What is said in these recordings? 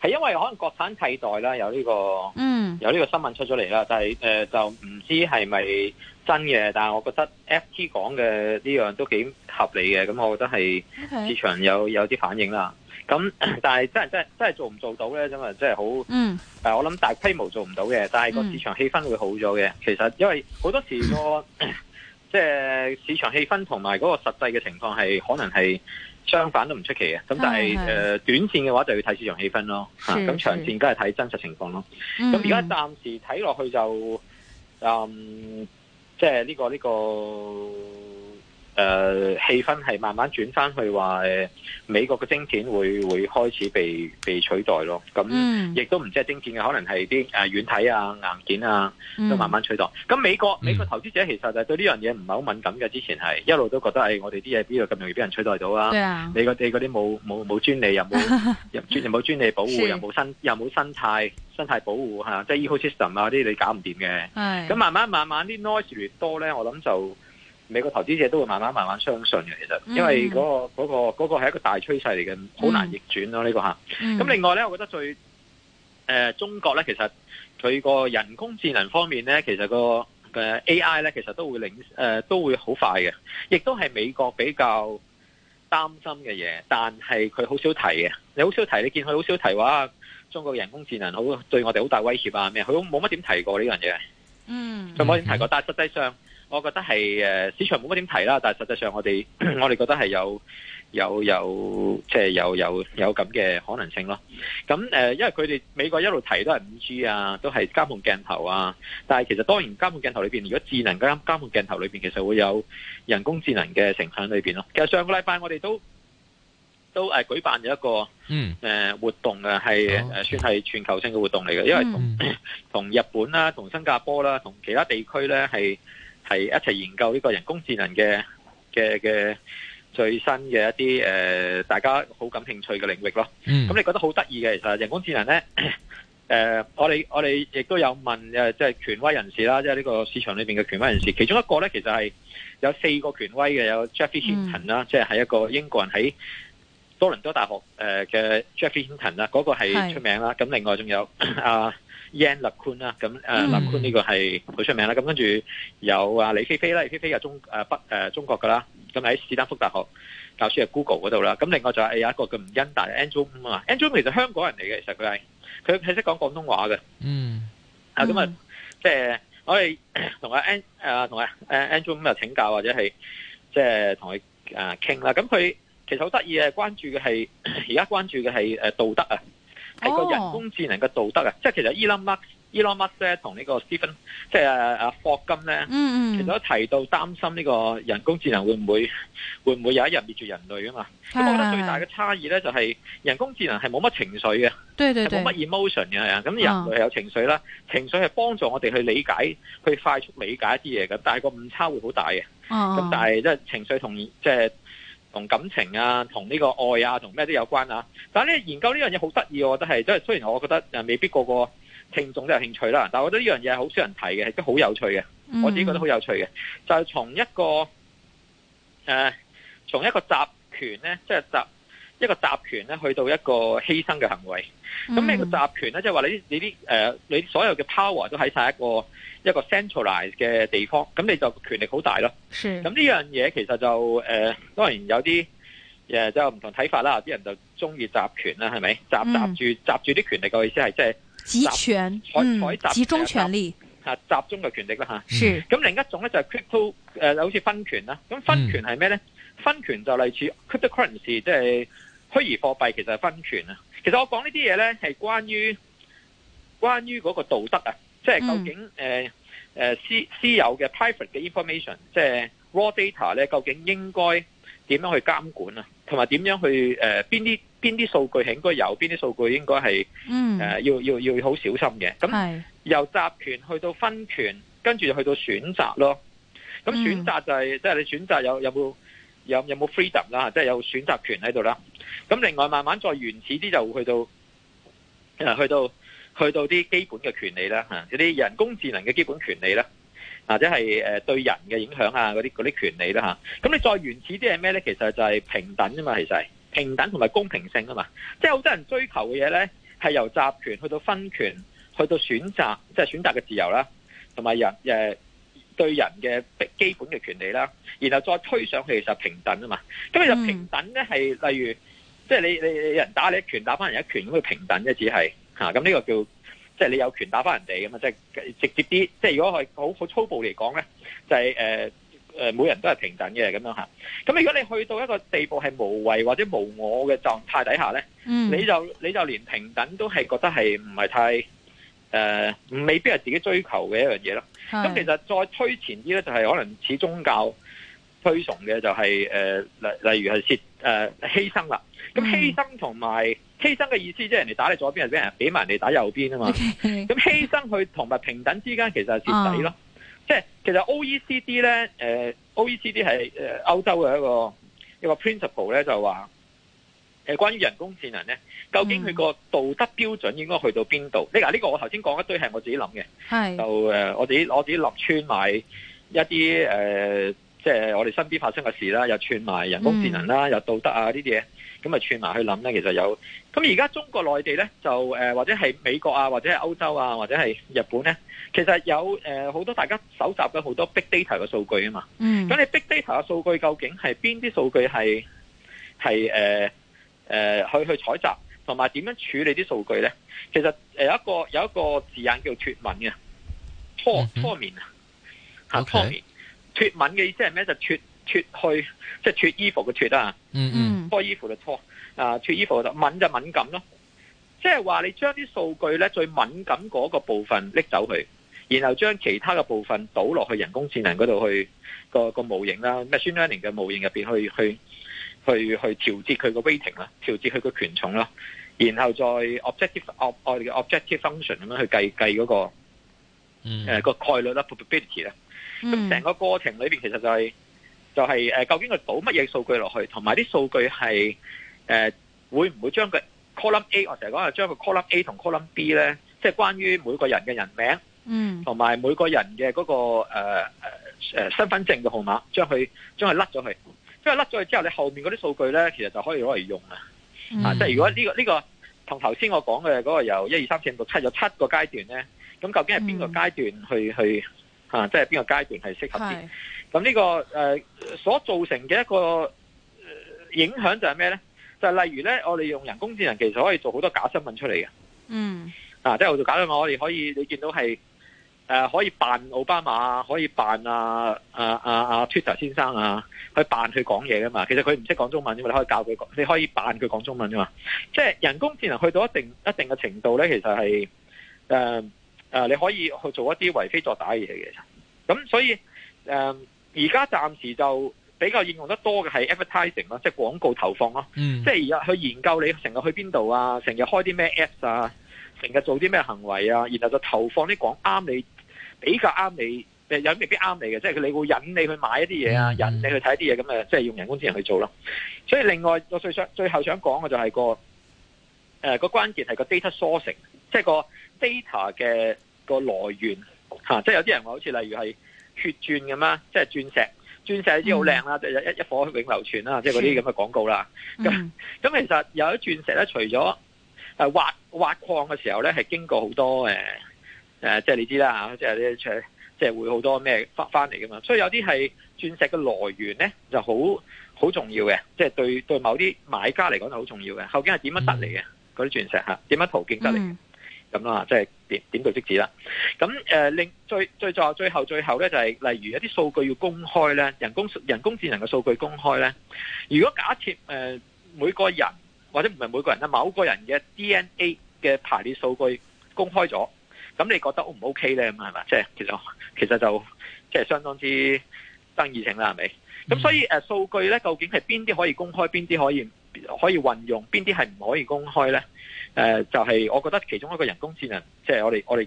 係因為可能國產替代啦，有呢個、有呢個，有呢個新聞出咗嚟啦，但係誒就唔知係咪真嘅，但係我覺得 FT 講嘅呢樣都幾合理嘅，咁我覺得係市場有 Okay. 有啲反應啦。咁但係真係真係真係做唔做到咧？真係真係好，誒、嗯呃、我諗大規模做唔到嘅，但係個市場氣氛會好咗嘅。其實因為好多時、嗰個即係、嗯、 市場氣氛同埋嗰個實際嘅情況係可能係。相反都唔出奇嘅，咁但係誒短線嘅話就要睇市場氣氛咯，咁是是、啊、長線梗係睇真實情況咯。咁而家暫時睇落去就誒，即係呢個呢個。呢個誒，氣、呃、氛係慢慢轉翻去話，誒，美國嘅晶片會會開始被被取代咯。咁亦都唔知係晶片嘅，可能係啲誒軟體啊、硬件啊就慢慢取代。咁、嗯、美國美國投資者其實就對呢樣嘢唔係好敏感嘅。之前係一路都覺得，誒、哎，我哋啲嘢邊度咁容易俾人取代到啊？你個你嗰啲冇冇冇專利又冇 又冇專利保護是，又冇生又冇生態生態保護吓、啊，即係、e、ecosystem 啊啲你搞唔掂嘅。咁是慢慢慢慢啲 noise 越嚟越多咧，我諗就。美國投資者都會慢慢慢慢相信嘅，其實，因為嗰、嗰個嗰、嗰個係、嗰個、一個大趨勢嚟嘅，好難逆轉咯呢個吓，咁、嗯啊、另外呢，我覺得最誒、呃、中國呢，其實佢個人工智能方面呢，其實個誒 AI 呢，其實都會領誒、呃、都會好快嘅，亦都係美國比較擔心嘅嘢。但係佢好少提嘅，你好少提，你見佢好少提話中國人工智能好對我哋好大威脅啊咩？佢都冇乜點提過呢樣嘢。嗯，佢冇點提過，嗯、但係實際上。我覺得係誒市場冇乜點提啦，但係實際上我哋我哋覺得係有有有即係、就是、有有有咁嘅可能性咯。咁、呃、因為佢哋美國一路提都係五 G 啊，都係監控鏡頭啊，但係其實當然監控鏡頭裏面，如果智能監監控鏡頭裏邊，其實會有人工智能嘅成分裏面咯。其實上個禮拜我哋都都誒、啊、舉辦咗一個嗯、呃、活動係啊，係算係全球性嘅活動嚟嘅，因為同同、嗯、日本啦、啊，同新加坡啦、啊，同其他地區咧係。係係一齊研究呢個人工智能嘅嘅嘅最新嘅一啲誒、呃，大家好感興趣嘅領域咯。咁、mm. 你覺得好得意嘅其實人工智能咧，誒、呃、我哋我哋亦都有問誒，即、就、係、是、權威人士啦，即係呢個市場裏邊嘅權威人士。其中一個咧，其實係有四個權威嘅，有 Geoffrey Hinton 啦，即係喺一個英國人喺多倫多大學誒嘅 Geoffrey Hinton 啦，嗰個係出名啦。咁是另外仲有啊。Yann 立坤啦，咁誒立坤呢個係好出名啦。咁跟住有啊李飛飛啦，李飛飛又中誒北誒中國噶啦。咁喺士丹福大學教書，喺 Google 嗰度啦。咁另外仲係有一個叫吳恩達 Andrew 啊嘛。Andrew 其實香港人嚟嘅，其實佢係佢係識講廣東話嘅。嗯，咁、就是、啊，即係我哋同阿 An 誒同阿誒 Andrew 又請教或者係即係同佢誒傾啦。咁、就、佢、是啊、其實好得意嘅，關注嘅係而家關注嘅係誒道德啊。係個人工智能嘅道德、oh. e、s, ven, 啊！即係、mm hmm. 其實 Elon Musk、Elon Musk 咧同呢個 Stephen，即係阿霍金咧，其實都提到擔心呢個人工智能會唔會會唔會有一日滅絕人類啊嘛！的我覺得最大嘅差異咧就係、是、人工智能係冇乜情緒嘅，冇乜 emotion 嘅，咁人類係有情緒啦，uh. 情緒係幫助我哋去理解、去快速理解一啲嘢嘅，但係個誤差會好大嘅。咁但係即係情緒同即係。就是同感情啊，同呢個愛啊，同咩都有關啊。但係咧，研究呢樣嘢好得意，我覺得係，即係雖然我覺得誒未必個個聽眾都有興趣啦，但我覺得呢樣嘢係好少人睇嘅，亦都好有趣嘅。我自己覺得好有趣嘅，就係從一個誒，從一個集權咧，即係集。一個集權咧，去到一個犧牲嘅行為。咁咩叫集權咧？即係話你你啲、呃、你所有嘅 power 都喺晒一個一個 centralize 嘅地方，咁你就權力好大咯。咁呢樣嘢其實就誒、呃，當然有啲誒、呃，就唔同睇法啦。啲人就中意集權啦，係咪？集集住集住啲權力嘅意思係即係集中採集中權力集中嘅權力啦嚇。咁是另一種咧就係、是、crypto、呃、好似分權啦。咁分權係咩咧？嗯、分權就類似 cryptocurrency，即、就、係、是。虛擬貨幣其實係分權啊！其實我講呢啲嘢咧係關於關於嗰個道德啊，即係究竟誒誒嗯呃私私有嘅 private 嘅 information，即係 raw data 咧，究竟應該點樣去監管啊？同埋點樣去誒邊啲邊啲數據應該有，邊啲數據應該係誒嗯呃要要要好小心嘅。咁係由集權去到分權，跟住就去到選擇咯。咁選擇就係即係你選擇有有冇有有冇 freedom 啦，即係有選擇權喺度啦。咁另外慢慢再原始啲就會去到，去到去到啲基本嘅權利啦吓，嗰啲人工智能嘅基本權利啦，或者係誒對人嘅影響啊嗰啲嗰啲權利啦吓。咁你再原始啲係咩咧？其實就係平等啊嘛，其實係平等同埋公平性啊嘛。即係好多人追求嘅嘢咧，係由集權去到分權，去到選擇，即係選擇嘅自由啦，同埋人、呃、對人嘅基本嘅權利啦，然後再推上去，其實平等啊嘛。咁其實平等咧係例如。嗯即係你你，你人打你一拳打翻人一拳咁，叫平等嘅只係嚇。咁、啊、呢個叫即係、就是、你有權打翻人哋咁嘛，即、就、係、是、直接啲。即、就、係、是、如果係好好粗暴嚟講咧，就係誒誒，每人都係平等嘅咁樣吓。咁、啊、如果你去到一個地步係無為或者無我嘅狀態底下咧，嗯、你就你就連平等都係覺得係唔係太誒，未、呃、必係自己追求嘅一樣嘢咯。咁是 其實再推前啲咧，就係可能似宗教推崇嘅就係、是、誒、呃，例例如係。誒、呃，犧牲啦，咁犧牲同埋犧牲嘅意思，即係人哋打你左邊，就俾人俾埋人哋打你右邊啊嘛。咁 Okay. 犧牲去同埋平等之間，其實係蝕底咯。即係、uh. 其實 OECD 咧，誒、呃、OECD 係誒歐洲嘅一個一個 principle 咧，就話誒、呃、關於人工智能咧，究竟佢個道德標準應該去到邊度？你嗱呢個我頭先講一堆係我自己諗嘅，uh. 就誒、呃、我自己我自己落村買一啲誒。呃即係我哋身邊發生嘅事啦，又串埋人工智能啦，嗯、又道德啊呢啲嘢，咁啊串埋去諗咧，其實有咁而家中國內地咧，就誒、呃、或者係美國啊，或者係歐洲啊，或者係日本咧，其實有誒好、呃、多大家搜集嘅好多 big data 嘅數據啊嘛。咁、嗯、你 big data 嘅數據究竟係邊啲數據係係誒誒去去採集，同埋點樣處理啲數據咧？其實誒有一個有一個字眼叫脫敏嘅，脫脫敏啊，吓脫敏。脫敏嘅意思係咩？就脫、是、脫去，即係脫、啊 mm hmm. 衣服嘅脫啊。嗯嗯，脫衣服就脫，啊脫衣服就敏就敏感咯。即係話你將啲數據咧最敏感嗰個部分拎走佢，然後將其他嘅部分倒落去人工智能嗰度去個、嗰個模型啦，咩 training 嘅模型入邊去去去去調節佢個 waiting 啦，調節佢個權重啦，然後再 objective, objective of object function 咁樣去計計嗰、嗰個誒、mm hmm. 呃嗰個概率啦，probability 咧。咁成、嗯、個過程裏邊，其實就係、是、就係誒，究竟佢倒乜嘢數據落去，同埋啲數據係誒、呃、會唔會將佢 column A，我成日講係將個 column A 同 column B 咧，即、就、係、是、關於每個人嘅人名，嗯，同埋每個人嘅嗰、那個誒誒誒身份證嘅號碼，將佢將佢甩咗去，即係甩咗去之後，你後面嗰啲數據咧，其實就可以攞嚟用啊，嗯、啊，即係如果呢、這個呢、這個同頭先我講嘅嗰個由一、二、三、四、五、六、七有七個階段咧，咁究竟係邊個階段去、嗯、去？啊，即係邊個階段係適合啲？咁呢是、這個誒、呃、所造成嘅一個影響就係咩咧？就係、是、例如咧，我哋用人工智能其實可以做好多假新聞出嚟嘅。嗯，啊，即、就、係、是、我做假新聞，我哋可以你見到係誒、呃、可以扮奧巴馬，可以扮啊啊啊，啊 Twitter 先生啊，去扮佢講嘢噶嘛。其實佢唔識講中文啫嘛，你可以教佢講，你可以扮佢講中文啫嘛。即、就、係、是、人工智能去到一定一定嘅程度咧，其實係誒。呃誒，uh, 你可以去做一啲為非作歹嘅嘢嘅，咁所以誒而家暫時就比較應用得多嘅係 advertising 咯，即係廣告投放咯、啊，嗯、即係而家去研究你成日去邊度啊，成日開啲咩 apps 啊，成日做啲咩行為啊，然後就投放啲廣啱你比較啱你有未必啱你嘅，即係佢你會引你去買一啲嘢啊，嗯嗯、引你去睇一啲嘢咁啊，即係用人工智能去做咯。所以另外我最想最後想講嘅就係個。誒，呃、關鍵是個關鍵係個 data sourcing，即係個 data 嘅個來源吓、啊，即係有啲人話好似例如係血鑽咁啦、嗯、啦，即係鑽、嗯、石，鑽石、啊啊、你知好靚啦，一一一顆永流傳啦，即係嗰啲咁嘅廣告啦。咁咁其實有啲鑽石咧，除咗誒挖挖礦嘅時候咧，係經過好多誒誒，即係你知啦吓，即係咧即係會好多咩翻翻嚟噶嘛。所以有啲係鑽石嘅來源咧就好好重要嘅，即係對對某啲買家嚟講就好重要嘅，究竟係點樣得嚟嘅？嗯啲鑽石吓，點樣途徑得嚟？咁啦，即係點點到即止啦。咁誒，另、呃、最,最最在最後最後咧，就係、是、例如一啲數據要公開咧，人工人工智能嘅數據公開咧。如果假設誒、呃、每個人或者唔係每個人某個人嘅 DNA 嘅排列數據公開咗，咁你覺得 O 唔 OK 咧？咁係咪？即係其實其實就即係、就是、相當之爭議性啦，係咪？咁、mm. 所以誒，數、呃、據咧究竟係邊啲可以公開，邊啲可以？可以運用邊啲係唔可以公開呢？誒，就係我覺得其中一個人工智能，即係我哋我哋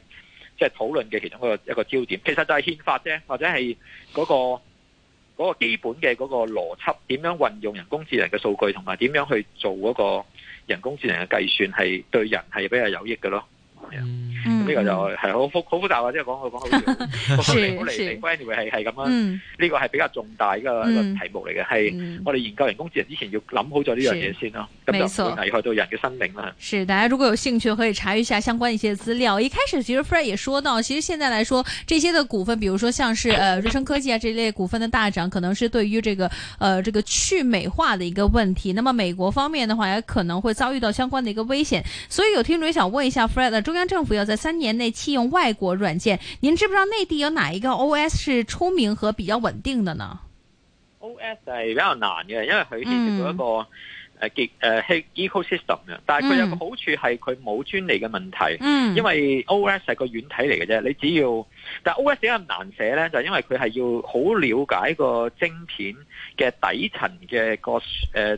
即係討論嘅其中一個一個焦點。其實就係憲法啫，或者係嗰個嗰個基本嘅嗰個邏輯，點樣運用人工智能嘅數據，同埋點樣去做嗰個人工智能嘅計算，係對人係比較有益嘅咯。嗯，呢、嗯、個就係好複好複雜啊，即係講講好遠，好我哋係係咁啊，呢個係比較重大嘅一個題目嚟嘅，係、嗯、我哋研究工人工智能之前要諗好咗呢是樣嘢先咯，咁就唔危害到人嘅生命啦。是，大家如果有興趣可以查一下相關一些資料。一開始其實 Fred 也說到，其實現在來說，這些的股份，比如說像是誒瑞聲科技啊這類股份嘅大漲，可能是對於這個誒、呃、這個去美化的一個問題。那麼美國方面的話，也可能會遭遇到相關嘅一個危險。所以有聽眾想問一下 Fred、啊、中央。政府要在三年內棄用外國軟件，您知唔知道內地有哪一個 OS 是出名和比較穩定的呢？OS 係比較難嘅，因為佢涉及到一個誒誒 ecosystem 嘅，嗯呃 uh, eco system, 但係佢有個好處係佢冇專利嘅問題，嗯、因為 OS 係個軟體嚟嘅啫，你只要但 OS 比較難寫咧？就因為佢係要好了解個晶片嘅底層嘅個誒。呃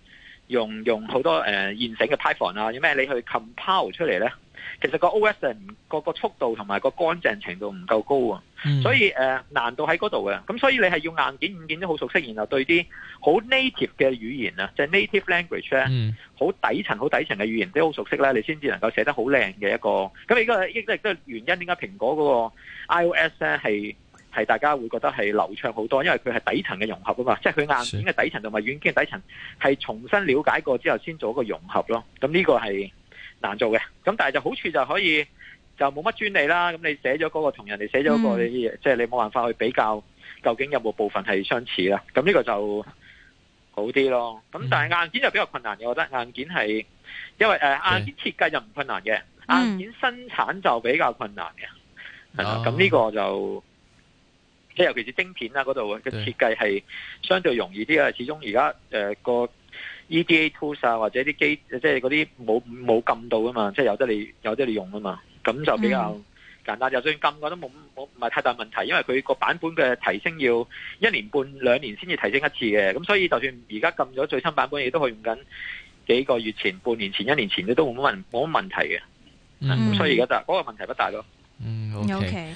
用用好多誒、呃、現成嘅 Python 啊，有咩你去 compile 出嚟咧？其實個 OS 個、個速度同埋個乾淨程度唔夠高啊，嗯、所以誒、呃、難度喺嗰度嘅。咁所以你係要硬件軟件都好熟悉，然後對啲好 native 嘅語言啊，即、就、係、係、native language 咧、嗯，好底層好底層嘅語言都好、就是、熟悉咧，你先至能夠寫得好靚嘅一個。咁你依個都亦都係原因，點解蘋果嗰個 iOS 咧係？係大家會覺得係流暢好多，因為佢係底層嘅融合啊嘛，即係佢硬件嘅底層同埋軟件底層係重新了解過之後先做一個融合咯。咁呢個係難做嘅，咁但係就好處就可以就冇乜專利啦。咁你寫咗嗰個同人哋寫咗嗰個，即係、嗯、你冇、即係、辦法去比較究竟有冇部分係相似啦。咁呢個就好啲咯。咁但係硬件就比較困難嘅，我覺得硬件係因為誒、呃、硬件設計就唔困難嘅，是硬件生產就比較困難嘅。係啦、嗯，咁呢個就。即係尤其是晶片啊嗰度嘅設計係相對容易啲對、呃 e、啊，始終而家誒個 EDA tools 啊或者啲機即係嗰啲冇冇禁到啊嘛，即係有得你有得你用啊嘛，咁就比較簡單。嗯、就算禁過都冇冇唔係太大問題，因為佢個版本嘅提升要一年半兩年先至提升一次嘅，咁所以就算而家禁咗最新版本，亦都可以用緊幾個月前、半年前、一年前，你都冇乜問冇乜問題嘅。嗯，所以而家就嗰、嗰個問題不大咯。嗯，OK。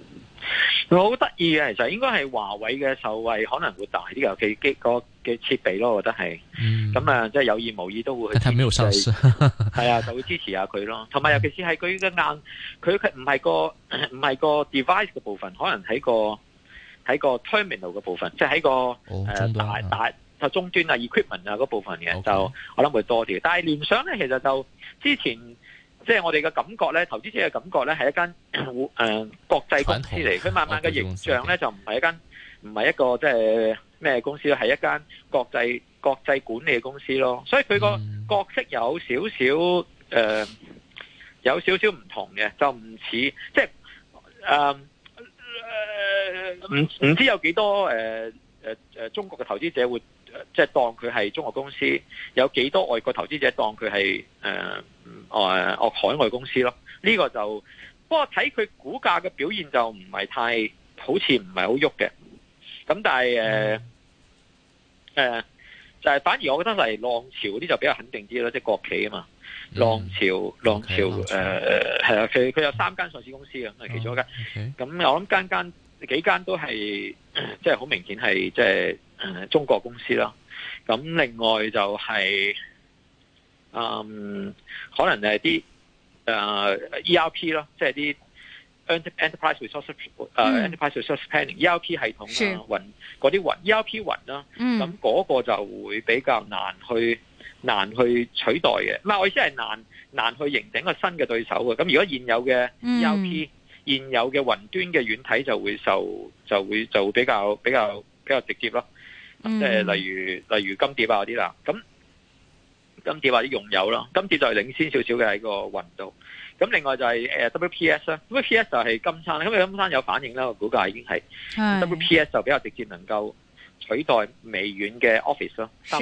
佢好得意嘅，其實應該係華為嘅受惠可能會大啲嘅，尤其幾個嘅設備咯，我覺得係。嗯。咁啊，即係有意無意都會去。但係冇收息。係 啊，就會支持下佢咯。同埋尤其是係佢嘅硬，佢唔係個唔係個 device 嘅部分，可能喺個喺個 terminal 嘅部分，即係喺個誒大大啊終端啊、呃、端 equipment 啊嗰部分嘅 Okay. 就，我諗會多啲。但係聯想咧，其實就之前。即係我哋嘅感覺咧，投資者嘅感覺咧，係一間誒、呃、國際公司嚟。佢慢慢嘅形象咧，就唔係一間唔係一個即係咩公司，係一間國際國際管理嘅公司咯。所以佢個角色有少少誒、呃，有少少唔同嘅，就唔似即係誒誒，唔、呃、唔、呃、知有幾多誒誒誒中國嘅投資者會。即係當佢係中國公司，有幾多外國投資者當佢係誒外海外公司咯？呢、這個就不過睇佢股價嘅表現就唔係太好似唔係好喐嘅。咁但係誒誒就係、是、反而我覺得係浪潮嗰啲就比較肯定啲啦，即、就、係、是、國企啊嘛。浪潮、嗯、浪潮誒係啊，佢佢有三間上市公司啊，咁係、哦、其中一間。咁 okay.、嗯、我諗間間。幾間都係即係好明顯係即係、嗯、中國公司啦。咁另外就係、是、嗯可能係啲誒 ERP 咯，即係啲 enterprise resource 誒 enterprise resource planning、嗯、ERP 系統、啊的嗰啲 ER、啦，雲嗰啲雲 ERP 雲啦。咁嗰個就會比較難去難去取代嘅。唔係我意思係難難去形成一個新嘅對手嘅。咁如果現有嘅 ERP、嗯現有嘅雲端嘅軟體就會受就會就比較比較比較直接咯，即係、嗯呃、例如例如金蝶啊啲啦，咁金蝶或者用友咯，金蝶就係領先少少嘅喺個雲度，咁另外就係誒 WPS 啦，WPS 就係金山啦，咁佢金山有反應啦，我股價已經係是 WPS 就比較直接能夠取代微軟嘅 off 是 Office 咯，三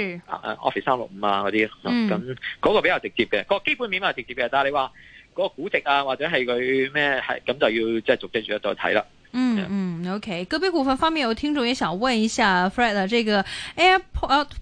Office 三六五啊嗰啲，咁嗰、嗰個比較直接嘅，個基本面係直接嘅，但係你話。個估值啊，或者係佢咩係咁就要即係逐隻住一再睇啦。嗯嗯，OK。個別股份方面，有聽眾也想問一下 Fred，啊，這個 Airport。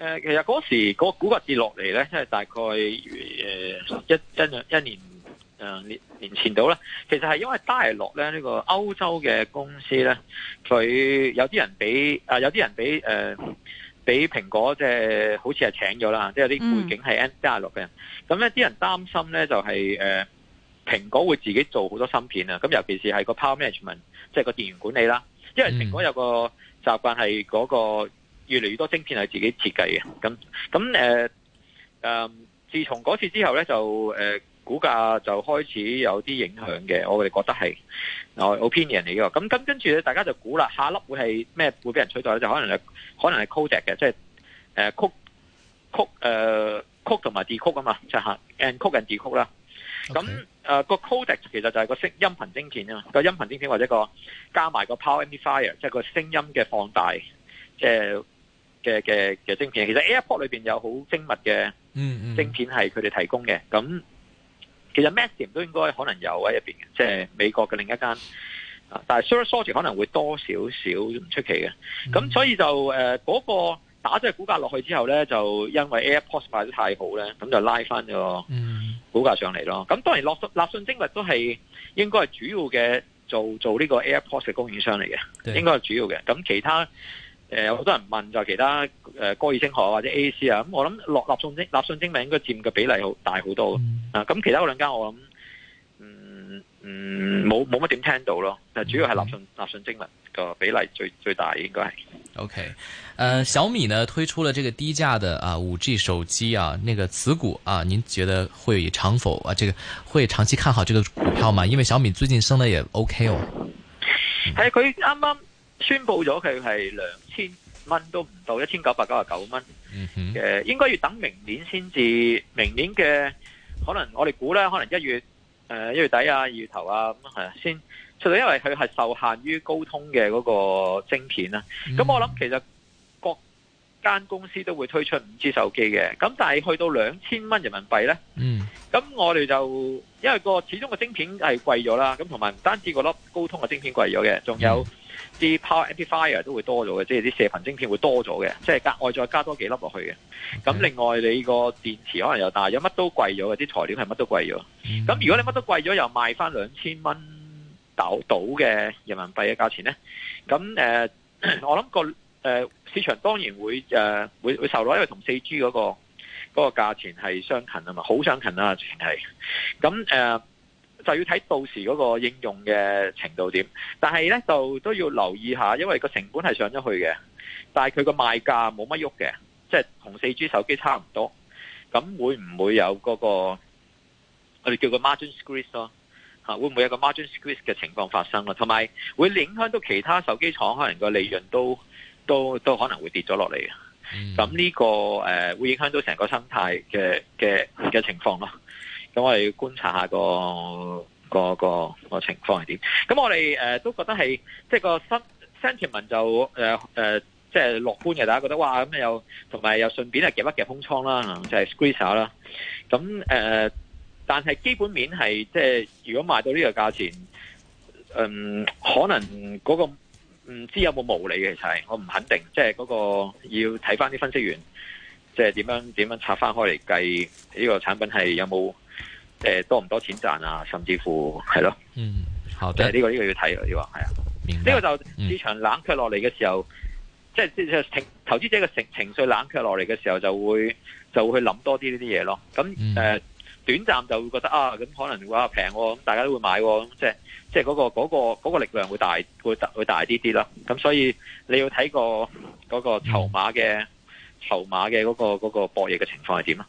誒，其實嗰時個股價跌落嚟咧，即係大概誒一一一年誒年年前到啦。其實係、呃呃、因為 Dialog 咧，呢、這個歐洲嘅公司咧，佢有啲人俾啊、呃，有啲人俾誒俾蘋果即係、呃、好似係請咗啦，即係啲背景係 Dialog 嘅。咁咧啲人擔心咧就係、是、誒、呃、蘋果會自己做好多芯片啊。咁尤其是係個 Power Management，即係個電源管理啦。因為蘋果有個習慣係嗰、那個。越嚟越多晶片係自己設計嘅，咁咁誒誒，自從嗰次之後咧，就誒、呃、股價就開始有啲影響嘅。我哋覺得係我的 opinion 嚟㗎、這個。咁咁跟住咧，大家就估啦，下粒會係咩會俾人取代咧？就可能係可能係 codec 嘅，即係誒 code code 誒 code 同埋 decode 啊嘛，即係 and code 跟 decode 啦。咁誒個 codec 其實就係個聲音頻晶片啊，個音頻晶片或者個加埋個 power amplifier，即係個聲音嘅放大，即、呃、係。嘅嘅嘅晶片，其實 AirPods 裏邊有好精密嘅晶片係佢哋提供嘅，咁、嗯嗯、其實 Maxim 都應該可能有喺入邊嘅，即係、嗯、美國嘅另一間啊，但係 Surface 可能會多少少唔出奇嘅，咁、嗯、所以就誒嗰、呃那個打咗個股價落去之後咧，就因為 AirPods 賣得太好咧，咁就拉翻咗股價上嚟咯。咁、嗯、當然立訊立訊精密都係應該係主要嘅做做呢個 AirPods 嘅供應商嚟嘅，對應該係主要嘅，咁其他。誒，好、呃、多人問就其他誒、呃、歌爾聲學或者 A C 啊，咁我諗落立訊精立訊精密應該佔嘅比例好大好多、嗯、啊，咁、嗯、其他兩間我諗，嗯嗯，冇冇乜點聽到咯，但主要係立訊立訊精密個比例最最大應該係。O K，誒，小米呢推出了這個低價的啊五 G 手機啊，那個次股啊，您覺得會長否啊？這個會長期看好這個股票嗎？因為小米最近升得也 OK 哦。係佢啱啱。呃宣布咗佢係兩千蚊都唔到，一千九百九十九蚊嘅。嗯、哼應該要等明年先至。明年嘅可能我哋估咧，可能一月誒、呃、一月底啊，二月頭啊，咁係啊，先出到，因為佢係受限於高通嘅嗰個晶片啦咁、嗯、我諗其實各間公司都會推出五 G 手機嘅，咁但係去到兩千蚊人民幣咧，咁、嗯、我哋就因為個始終個晶片係貴咗啦，咁同埋唔單止個粒高通嘅晶片貴咗嘅，仲有。嗯啲 power amplifier 都會多咗嘅，即係啲射頻晶片會多咗嘅，即係格外再加多幾粒落去嘅。咁另外你個電池可能又大，有乜都貴咗，啲材料係乜都貴咗。咁、嗯、如果你乜都貴咗，又賣翻兩千蚊度到嘅人民幣嘅價錢咧，咁誒、呃，我諗個誒、呃、市場當然會誒、呃、會會受落，因為同四 G 嗰、那個嗰、那個價錢係相近啊嘛，好相近啊，全係。咁誒。呃就要睇到時嗰個應用嘅程度點，但係咧就都要留意下，因為個成本係上咗去嘅，但係佢個賣價冇乜喐嘅，即係同四 G 手機差唔多。咁會唔會有嗰、嗰個我哋叫個 margin squeeze 咯、啊？會唔會有個 margin squeeze 嘅情況發生同、啊、埋會影響到其他手機廠可能個利潤都都都可能會跌咗落嚟嘅。咁呢、呢個、呃、會影響到成個生態嘅嘅嘅情況咯、啊。咁我哋觀察下、個個個情況係點。咁我哋誒、呃、都覺得係即係個新 sentiment 就誒即係樂觀嘅，大家覺得哇咁又同埋又順便係夾一夾空倉啦，就係、是、squeeze 下啦。咁誒、呃，但係基本面係即係如果買到呢個價錢，嗯、呃，可能嗰個唔知有冇毛利嘅，其實我唔肯定。即係嗰個要睇翻啲分析員，即係點樣點樣拆翻開嚟計呢個產品係有冇？誒、呃，多唔多錢賺啊？甚至乎係咯，嗯，好，即係呢個呢、呢個要睇要啊，係啊白，呢個就市場冷卻落嚟嘅時候，嗯、即係即係情投資者嘅情情緒冷卻落嚟嘅時候就，就會就會去諗多啲呢啲嘢咯。咁誒、嗯呃，短暫就會覺得啊，咁可能會比平喎，咁、哦、大家都會買、哦，咁即係即係嗰、嗰個嗰、嗰個嗰、嗰個嗰個力量會大，會會大啲啲啦。咁所以你要睇個嗰、嗰個籌碼嘅籌碼嘅嗰、嗰個嗰、嗰個博弈嘅情況係點啊？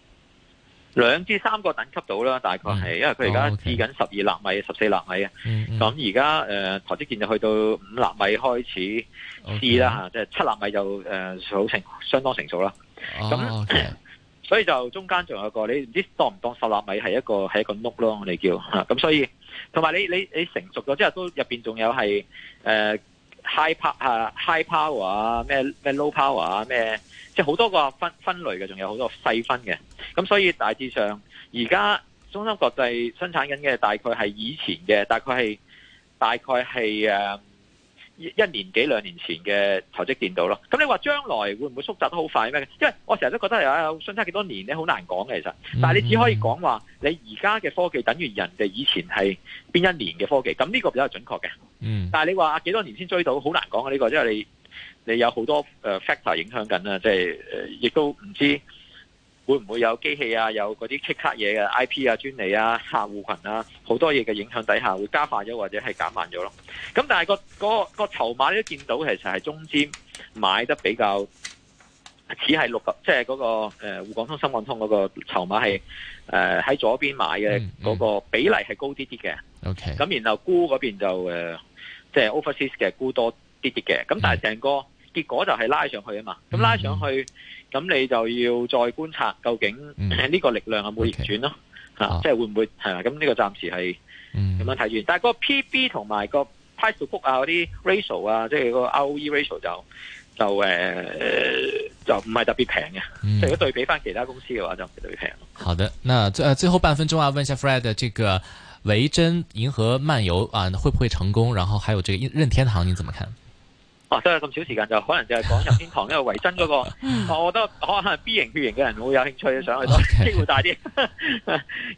兩至三個等級到啦，大概係，嗯、因為佢而家試緊十二納米、十四納米啊。咁而家誒，台積電就去到五納米開始試啦吓，嗯、即係七納米就誒，好、呃、成相當成熟啦。咁所以就中間仲有個，你唔知當唔當十納米係一個係一個屋咯，我哋叫吓。咁所以同埋你你你成熟咗之後都入邊仲有係誒。呃 High, High power 啊，咩咩 low power 啊，咩即係好多個分類多個分類嘅，仲有好多細分嘅。咁所以大致上，而家中芯國際生產緊嘅大概係以前嘅，大概係大概係。誒。一年幾兩年前嘅台積電腦咯，咁你話將來會唔會縮窄得好快咩？因為我成日都覺得啊，相差幾多年咧好難講嘅其實，但係你只可以講話你而家嘅科技等於人哋以前係邊一年嘅科技，咁、這、呢個比較準確嘅。嗯，但係你話幾多年先追到，好難講啊！呢、這個因為你你有好多誒 factor 影響緊啦，即係亦都唔知。會唔會有機器啊？有嗰啲 cut 嘢嘅 IP 啊、專利啊、客戶群啊，好多嘢嘅影響底下，會加快咗或者係減慢咗咯。咁但係、那個、那個、那個籌碼都見到，其實係中尖買得比較只係六、就是那個，即係嗰個誒滬港通、深港通嗰個籌碼係誒喺左邊買嘅嗰、嗯嗯、個比例係高啲啲嘅。OK，咁然後沽嗰邊就誒即、呃、係、就是、overseas 嘅沽多啲啲嘅。咁但係成個。嗯結果就係拉上去啊嘛，咁拉上去，咁、嗯、你就要再觀察究竟呢、嗯、個力量會唔會逆轉咯，吓，即係會唔會係啊？咁呢好 個暫時係咁樣睇住，嗯、但係個 P B 同埋個 price to book 啊嗰啲 ratio 啊，即係嗰個 ROE ratio 就就誒、呃、就唔係特別平嘅，即係、嗯、如果對比翻其他公司嘅話就唔係特別平。好的，那最最後半分鐘啊，問一下 Fred，這個維珍銀河漫遊啊會不會成功？然後還有這個任天堂，你怎麼看？都真係咁少時間就可能就係講任天堂呢個維珍嗰、那個， 我覺得可能 B 型血型嘅人會有興趣上去多 Okay. 機會大啲，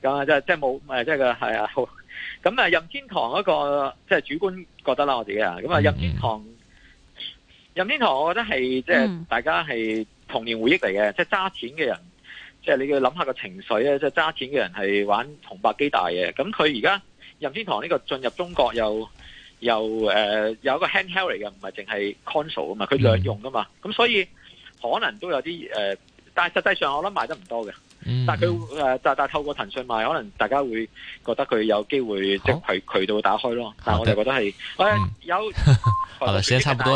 咁啊即係即係冇即係個係好咁啊任天堂嗰、那個即係、就是、主觀覺得啦我自己啊，咁啊任天堂任天堂，mm. 任天堂我覺得係即係大家係童年回憶嚟嘅，即係揸錢嘅人，即、就、係、是、你要諗下個情緒即係揸錢嘅人係玩紅白機大嘅，咁佢而家任天堂呢個進入中國又。又誒有、呃、一個 handheld 嚟嘅，唔係淨係 console 啊嘛，佢兩用噶嘛，咁、嗯、所以可能都有啲誒、呃，但係實際上我諗賣得唔多嘅，嗯、但係佢誒但但透過騰訊賣，可能大家會覺得佢有機會好即係渠渠道打開咯，但係我哋覺得係誒、啊啊、有。嗯、 好的，差唔多。